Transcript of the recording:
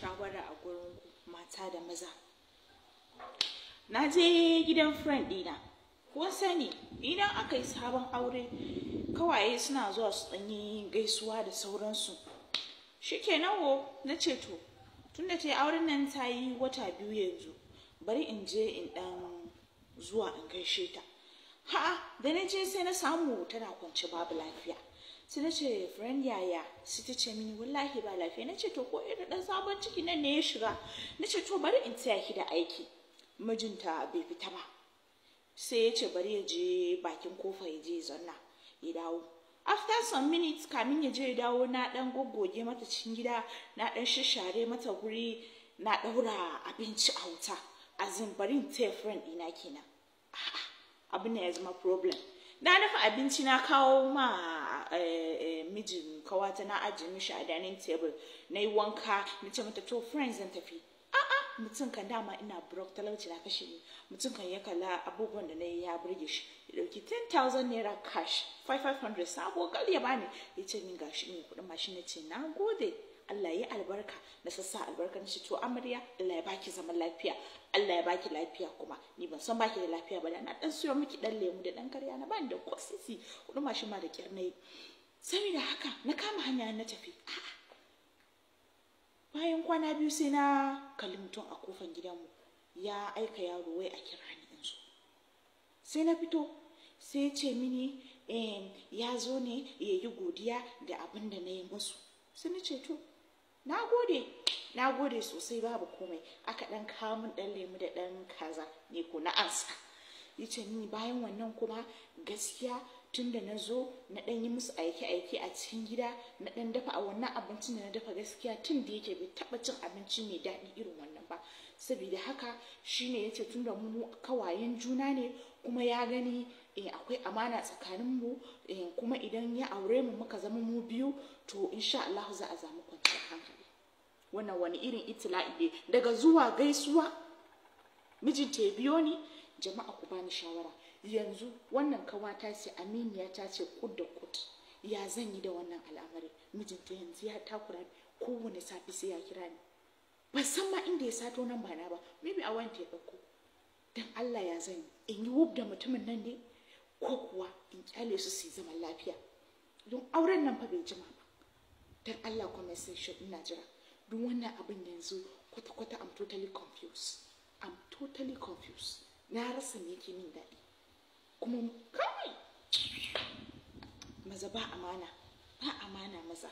shawara a gurin ku, mata da maza na je gidan friend ɗina, ko sani idan aka yi sabon aure kawaye suna zuwa su ɗanyi gaisuwa da sauransu shikenan wo na ce to tunda ta yi auren nan ta yi wata biyu yanzu bari in je in ɗan zuwa in gaishe ta Ha, da na je sai na samu tana kwance babu lafiya sai na ce friend yaya sai ta ce mini wallahi ba lafiya na ce to ko irin dan sabon ciki nan ne ya shiga na ce to bari in tsaya ki da aiki mijinta bai fita ba sai ya ce bari ya je bakin kofa ya je zanna ya dawo after some minutes kamin ya je ya dawo na dan goggoge mata cikin gida na dan shashare mata guri na daura abinci a wuta a in tsaya friend ina kenan a'a abin ya zama problem na dafa abinci na kawo ma eh, eh, mijin kawata na ajiye mishi a dining table na yi wanka na ce mata to friends zan tafi a'a mutum kan dama ina brok talauci na kashe ni mutum kan ya kalla abubuwan da na yi ya burge shi ya dauki 10,000 naira cash 5,500 sabo kal ya bani ya ce min gashi ne kudin mashin na ce na gode Allah ya yi albarka na sassa albarka na to amarya Allah ya baki zaman lafiya Allah ya baki lafiya kuma ni ban san baki da lafiya ba da na dan siyo miki dan lemu da dan karya na bani da kosisi kudu ma shi ma da kyar nayi saboda haka na kama hanya na tafi bayan kwana biyu sai na kalli mutum a kofan gidanmu ya aika yaro wai a kira ni in zo sai na fito sai ce mini ya zo ne ya yi godiya da abin da na yi musu sai na ce to na gode na gode sosai babu komai aka ɗan kawo min ɗan lemu da ɗan kaza ne ko na ansa ya ni bayan wannan kuma gaskiya tunda da na zo na ɗan yi musu aiki-aiki a cikin gida na ɗan dafa a wannan abincin da na dafa gaskiya tun da yake bai taɓa cin abinci mai daɗi irin wannan ba saboda haka shine ya ce tun da mu kawayen juna ne kuma ya gani eh, akwai amana tsakanin mu eh, kuma idan ya aure mu muka zama mu biyu to insha Allah za a zama wannan wani irin itila'i ne daga zuwa gaisuwa mijinta ya biyo ni jama'a ku bani shawara yanzu wannan kawata ce aminiya ta ce kud da kud ya zan yi da wannan al'amari mijinta yanzu ya takura kowane safi sai ya kira ni ban san ma inda ya sato nan ba na ba maybe a wanda ya ɗauko dan Allah ya zan yi in yi wub da mutumin nan ne ko kuwa in kyale su su yi zaman lafiya don auren nan fa bai jima ba don Allah comment section ina jira duk wannan abin yanzu kwata-kwata I'm totally confused I'm totally confused na rasa me yake min daɗi kuma kai maza ba amana ba amana maza